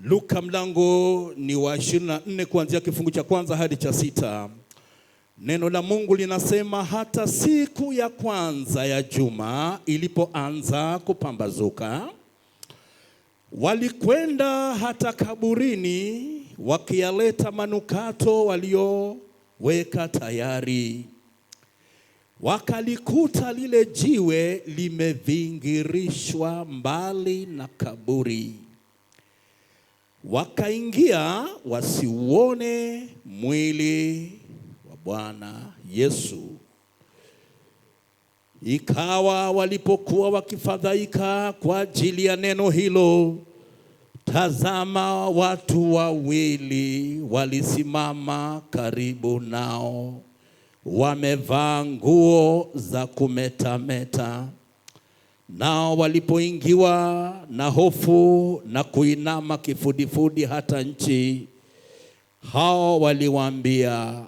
Luka mlango ni wa 24 kuanzia kifungu cha kwanza hadi cha sita. Neno la Mungu linasema hata siku ya kwanza ya juma ilipoanza kupambazuka, walikwenda hata kaburini wakiyaleta manukato walioweka tayari. Wakalikuta lile jiwe limevingirishwa mbali na kaburi wakaingia wasiuone mwili wa Bwana Yesu. Ikawa walipokuwa wakifadhaika kwa ajili ya neno hilo, tazama, watu wawili walisimama karibu nao, wamevaa nguo za kumetameta Nao walipoingiwa na hofu na kuinama kifudifudi hata nchi, hao waliwaambia,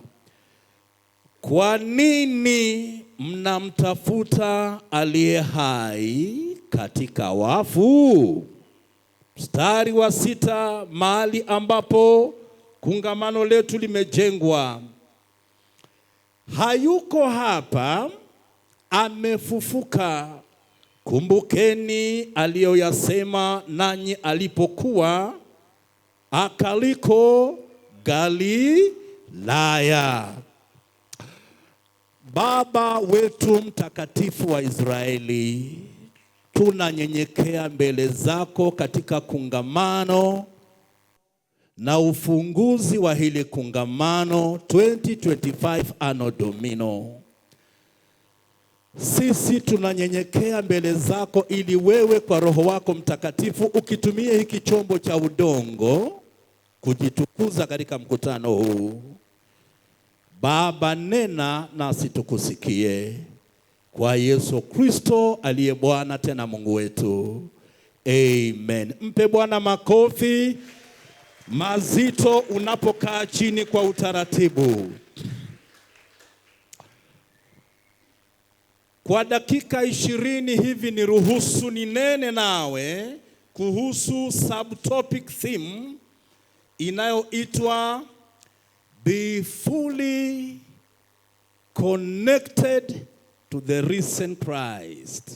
kwa nini mnamtafuta aliye hai katika wafu? Mstari wa sita, mahali ambapo kungamano letu limejengwa. Hayuko hapa, amefufuka Kumbukeni aliyoyasema nanyi alipokuwa akaliko Galilaya. Baba wetu mtakatifu wa Israeli, tunanyenyekea mbele zako katika kungamano na ufunguzi wa hili kungamano 2025 Anno Domini sisi tunanyenyekea mbele zako ili wewe kwa Roho wako Mtakatifu ukitumie hiki chombo cha udongo kujitukuza katika mkutano huu. Baba, nena nasi tukusikie, kwa Yesu Kristo aliye Bwana tena Mungu wetu, amen. Mpe Bwana makofi mazito unapokaa chini kwa utaratibu. Kwa dakika ishirini hivi niruhusu ninene nawe kuhusu subtopic theme inayoitwa Be fully connected to the risen Christ.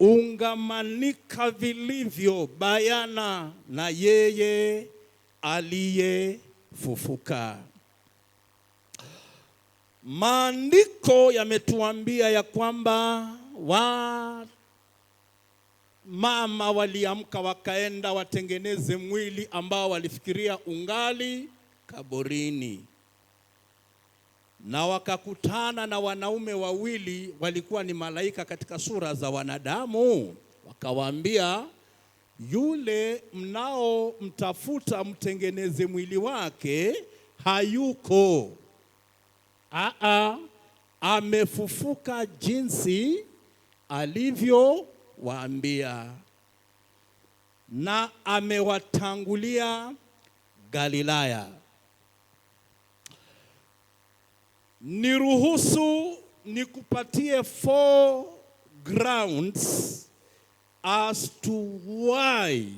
Ungamanika vilivyo bayana na yeye aliyefufuka. Maandiko yametuambia ya kwamba wa mama waliamka wakaenda watengeneze mwili ambao walifikiria ungali kaburini, na wakakutana na wanaume wawili walikuwa ni malaika katika sura za wanadamu. Wakawaambia, yule mnao mtafuta mtengeneze mwili wake hayuko Aa, amefufuka jinsi alivyowaambia, na amewatangulia Galilaya. Niruhusu nikupatie four grounds as to why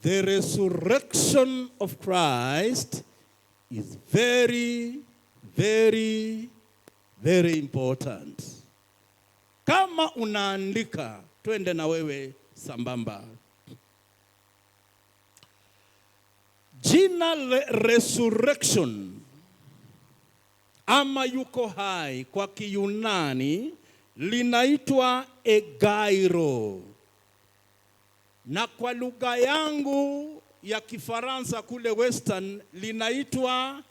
the resurrection of Christ is very very very important. Kama unaandika, twende na wewe sambamba. Jina resurrection ama yuko hai kwa Kiyunani linaitwa egairo, na kwa lugha yangu ya Kifaransa kule Western linaitwa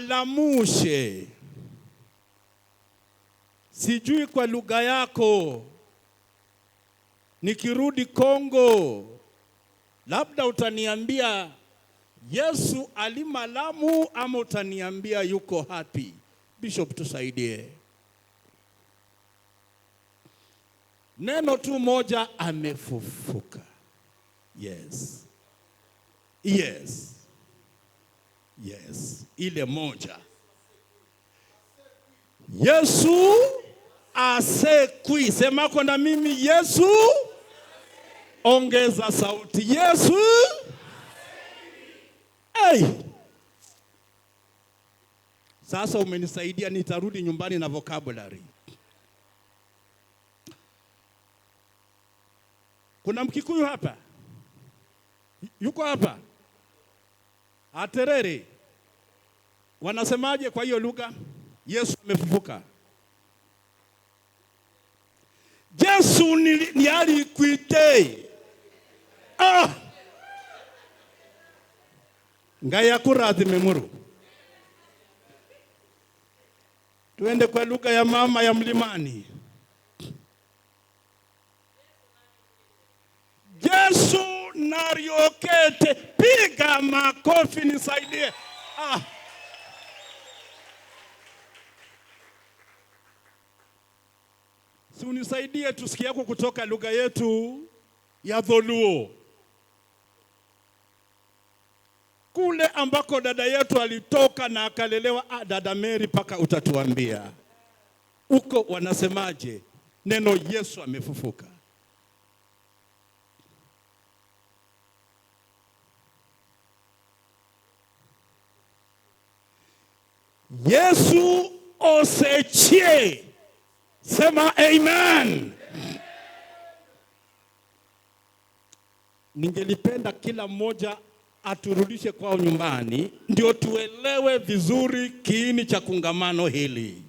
alamushe, sijui kwa lugha yako, nikirudi Kongo labda utaniambia Yesu alimalamu ama utaniambia yuko hapi. Bishop, tusaidie neno tu moja, amefufuka. Yes, yes. Yes, ile moja. Yesu asekwi, semako na mimi Yesu, ongeza sauti Yesu. Hey. Sasa umenisaidia, nitarudi nyumbani na vocabulary. Kuna Mkikuyu hapa? Yuko hapa? Aterere. Wanasemaje kwa hiyo lugha? Yesu amefufuka. Yesu ni alikwite ah, ngaya kurathime muru. Tuende kwa lugha ya mama ya mlimani. Yesu nariokete, piga makofi nisaidie. Ah. si unisaidie tusikie yako kutoka lugha yetu ya Dholuo, kule ambako dada yetu alitoka na akalelewa. Ah, dada Mary, mpaka utatuambia uko wanasemaje neno Yesu amefufuka. Yesu osechie Sema amen. Ningelipenda kila mmoja aturudishe kwao nyumbani, ndio tuelewe vizuri kiini cha kongamano hili.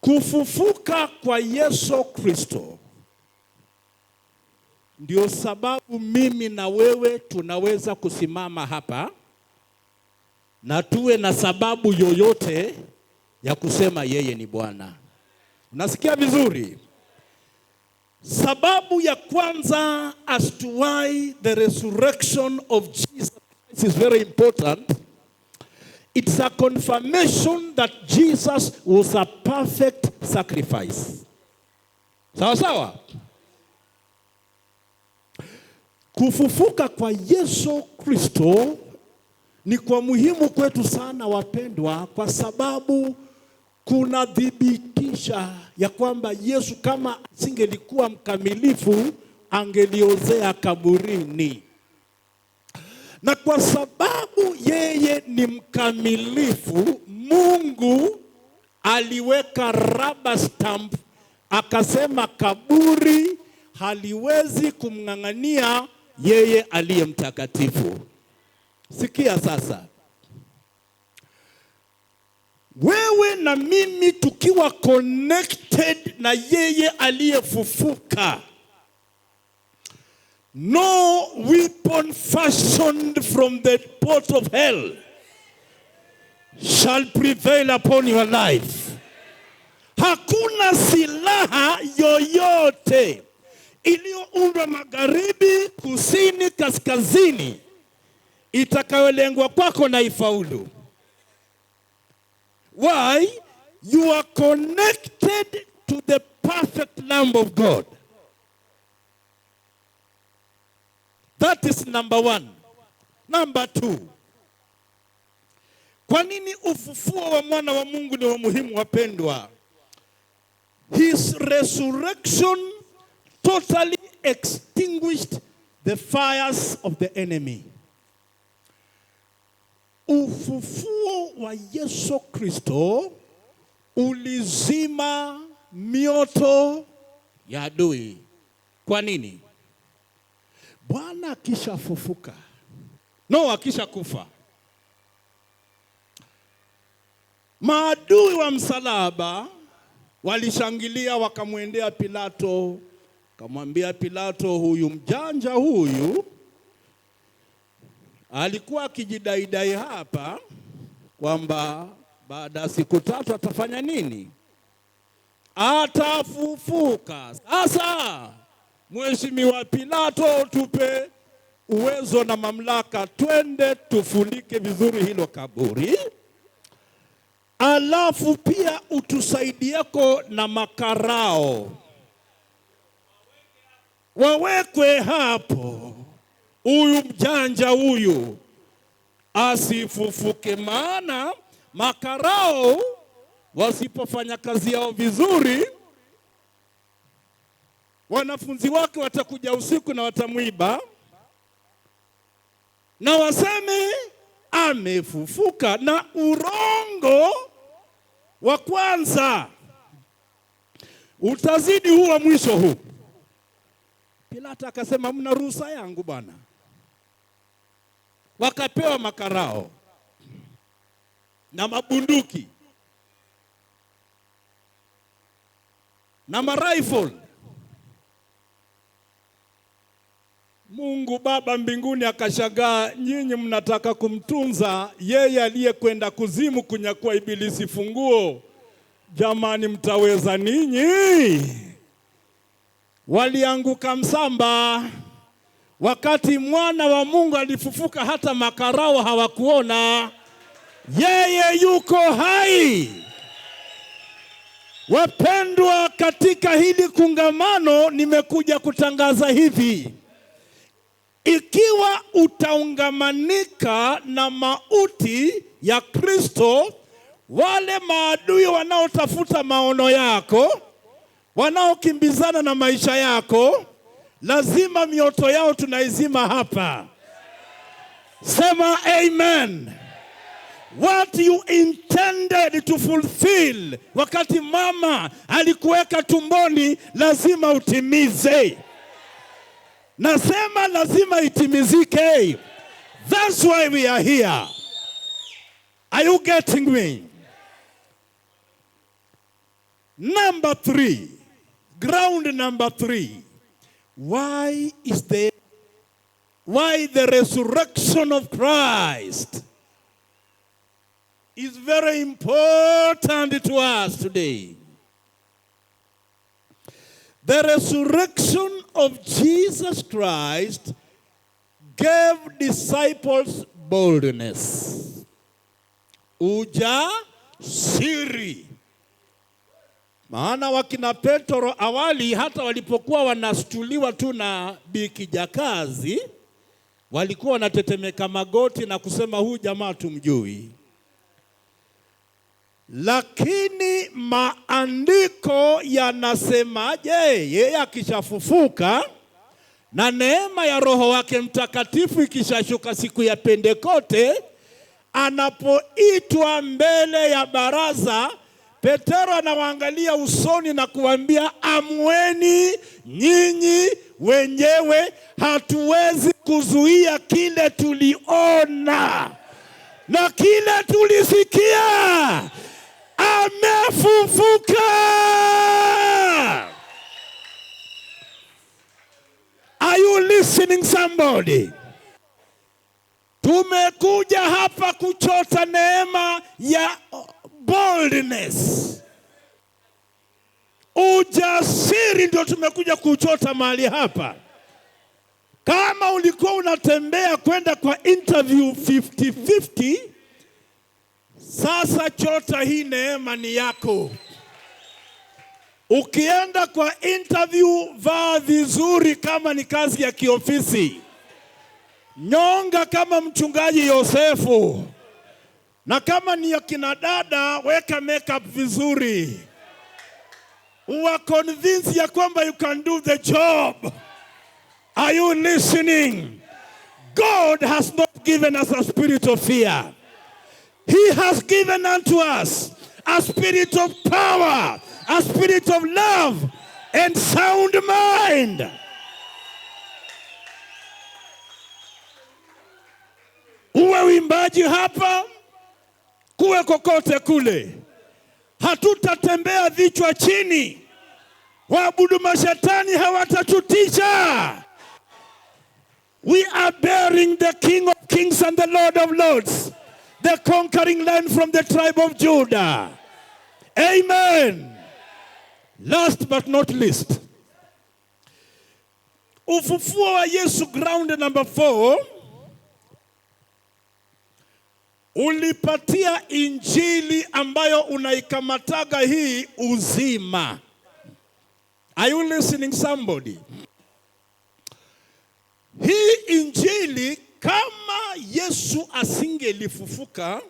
Kufufuka kwa Yesu Kristo ndio sababu mimi na wewe tunaweza kusimama hapa na tuwe na sababu yoyote ya kusema yeye ni Bwana. Unasikia vizuri? Sababu ya kwanza as to why the resurrection of Jesus Christ is very important. It's a confirmation that Jesus was a perfect sacrifice. Sawa sawa? Kufufuka kwa Yesu Kristo ni kwa muhimu kwetu sana wapendwa, kwa sababu kunathibitisha ya kwamba Yesu kama asingelikuwa mkamilifu angeliozea kaburini, na kwa sababu yeye ni mkamilifu, Mungu aliweka raba stamp, akasema kaburi haliwezi kumng'ang'ania yeye aliye mtakatifu. Sikia sasa, wewe na mimi tukiwa connected na yeye aliyefufuka, no weapon fashioned from the pot of hell shall prevail upon your life. Hakuna silaha yoyote iliyoundwa magharibi, kusini, kaskazini, itakayolengwa kwako na ifaulu. Why? You are connected to the perfect Lamb of God. That is number one. Number two. Kwa nini ufufuo wa mwana wa Mungu ni wa muhimu wapendwa? His resurrection totally extinguished the fires of the enemy. Ufufuo wa Yesu Kristo ulizima mioto ya adui. Kwa nini? Bwana akishafufuka, no akisha kufa, maadui wa msalaba walishangilia, wakamwendea Pilato Akamwambia Pilato, huyu mjanja huyu alikuwa akijidaidai hapa kwamba baada ya siku tatu atafanya nini? Atafufuka. Sasa Mheshimiwa Pilato, tupe uwezo na mamlaka, twende tufunike vizuri hilo kaburi, alafu pia utusaidieko na makarao wawekwe hapo, huyu mjanja huyu asifufuke, maana makarao wasipofanya kazi yao vizuri, wanafunzi wake watakuja usiku na watamwiba na waseme amefufuka. Na urongo wa kwanza utazidi huu wa mwisho huu. Pilato akasema mna ruhusa yangu bwana. Wakapewa makarao na mabunduki na marifle. Mungu Baba mbinguni akashangaa, nyinyi mnataka kumtunza yeye aliyekwenda kuzimu kunyakua ibilisi funguo. Jamani, mtaweza ninyi? walianguka msamba, wakati mwana wa Mungu alifufuka, hata makarao hawakuona. Yeye yuko hai. Wapendwa, katika hili kungamano nimekuja kutangaza hivi: ikiwa utaungamanika na mauti ya Kristo, wale maadui wanaotafuta maono yako wanaokimbizana na maisha yako, lazima mioto yao tunaizima hapa. Sema amen. What you intended to fulfill, wakati mama alikuweka tumboni, lazima utimize. Nasema lazima itimizike. That's why we are here. Are you getting me? Number three. Ground number three. Why is there why the resurrection of Christ is very important to us today. The resurrection of Jesus Christ gave disciples boldness. Uja siri Maana wakina Petro awali hata walipokuwa wanastuliwa tu na Bi Kijakazi walikuwa wanatetemeka magoti na kusema huyu jamaa tumjui, lakini maandiko yanasemaje? Yeye akishafufuka na neema ya Roho wake Mtakatifu ikishashuka siku ya Pentekote, anapoitwa mbele ya baraza Petero anawaangalia usoni na kuambia amweni nyinyi wenyewe, hatuwezi kuzuia kile tuliona na kile tulisikia. Amefufuka. Are you listening somebody? Tumekuja hapa kuchota neema ya boldness. Ujasiri ndio tumekuja kuchota mahali hapa. Kama ulikuwa unatembea kwenda kwa interview 50 50, sasa chota hii neema ni yako. Ukienda kwa interview, vaa vizuri kama ni kazi ya kiofisi, nyonga kama mchungaji Yosefu na kama ni akina dada, weka makeup vizuri, uwa convince ya kwamba you can do the job. Are you listening? God has not given us a spirit of fear. He has given unto us a spirit of power, a spirit of love, and sound mind. Uwe wimbaji hapa kuwe kokote kule, hatutatembea vichwa chini. Waabudu mashetani hawatatutisha. We are bearing the King of Kings and the Lord of Lords, the conquering land from the tribe of Judah. Amen. Last but not least, ufufuo wa Yesu, ground number four ulipatia injili ambayo unaikamataga hii uzima. Are you listening somebody? Hii injili kama Yesu asingelifufuka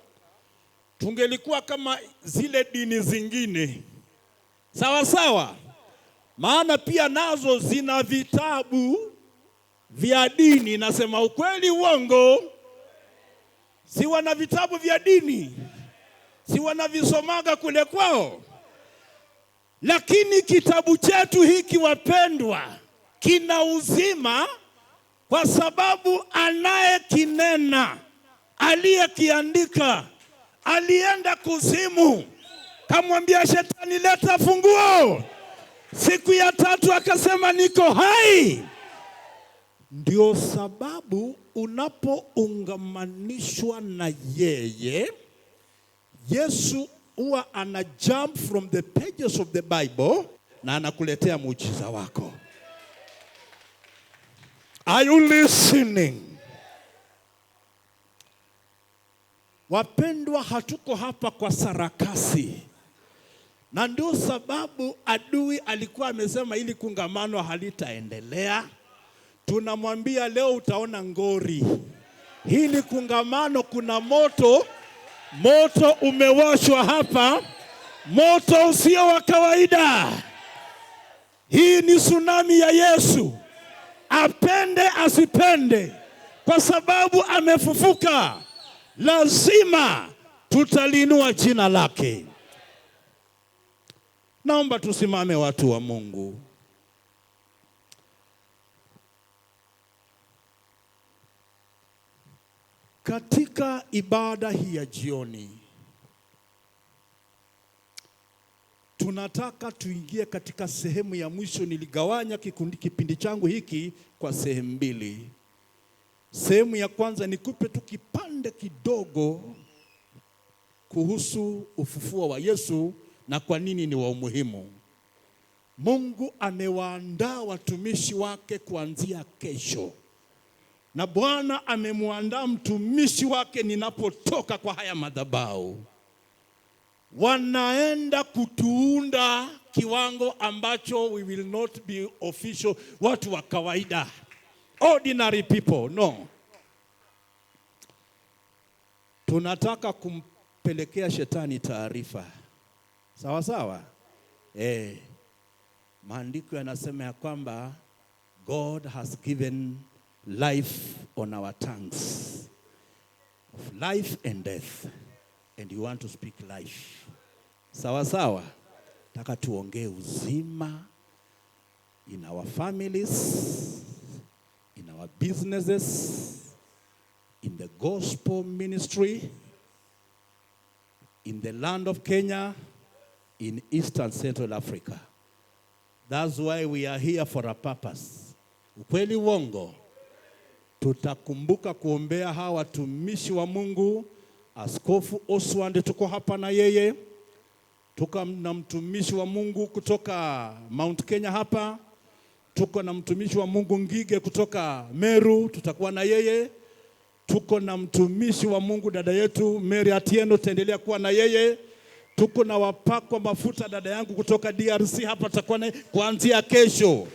tungelikuwa kama zile dini zingine, sawa sawa, maana pia nazo zina vitabu vya dini, nasema ukweli, uongo si wana vitabu vya dini, si wanavisomaga kule kwao? Lakini kitabu chetu hiki wapendwa, kina uzima kwa sababu anayekinena, aliyekiandika alienda kuzimu, kamwambia shetani, leta funguo. Siku ya tatu akasema niko hai. Ndio sababu unapoungamanishwa na yeye, Yesu huwa ana jump from the pages of the Bible na anakuletea muujiza wako. Are you listening? Wapendwa, hatuko hapa kwa sarakasi, na ndio sababu adui alikuwa amesema ili kungamano halitaendelea tunamwambia leo utaona ngori. Hili kungamano kuna moto, moto umewashwa hapa, moto usio wa kawaida. Hii ni tsunami ya Yesu, apende asipende, kwa sababu amefufuka. Lazima tutaliinua jina lake. Naomba tusimame, watu wa Mungu. Katika ibada hii ya jioni tunataka tuingie katika sehemu ya mwisho. Niligawanya kikundi, kipindi changu hiki kwa sehemu mbili. Sehemu ya kwanza nikupe tu kipande kidogo kuhusu ufufuo wa Yesu na kwa nini ni wa umuhimu. Mungu amewaandaa watumishi wake kuanzia kesho na Bwana amemwandaa mtumishi wake. Ninapotoka kwa haya madhabahu, wanaenda kutuunda kiwango ambacho we will not be official, watu wa kawaida, ordinary people no. Tunataka kumpelekea shetani taarifa, sawa sawa. Eh, maandiko yanasema ya kwamba God has given life on our tongues of life and death and you want to speak life. Sawa sawa, taka tuongee uzima in our families, in our businesses, in the gospel ministry, in the land of Kenya, in eastern Central Africa. That's why we are here for a purpose. Ukweli, wongo tutakumbuka kuombea hawa watumishi wa Mungu. Askofu Oswald tuko hapa na yeye, tuko na mtumishi wa Mungu kutoka Mount Kenya hapa, tuko na mtumishi wa Mungu Ngige kutoka Meru, tutakuwa na yeye. Tuko na mtumishi wa Mungu dada yetu Mary Atieno, tutaendelea kuwa na yeye. Tuko na wapakwa mafuta dada yangu kutoka DRC hapa, tutakuwa naye kuanzia kesho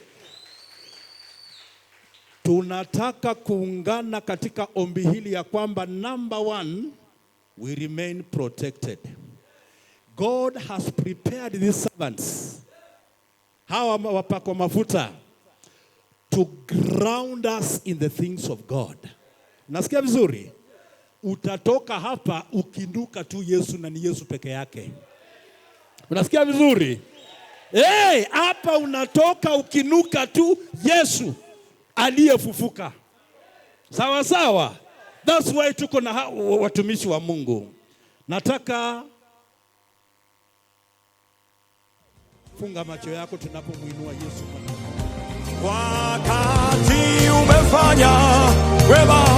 tunataka kuungana katika ombi hili ya kwamba number one, we remain protected. God has prepared these servants, hawa wapakwa mafuta, to ground us in the things of God. Nasikia vizuri? Utatoka hapa ukinuka tu Yesu na ni Yesu peke yake. Unasikia vizuri? Hey, hapa unatoka ukinuka tu Yesu aliyefufuka. Sawa sawa, that's why tuko na watumishi wa Mungu. Nataka funga macho yako tunapomwinua Yesu. Wakati umefanya wema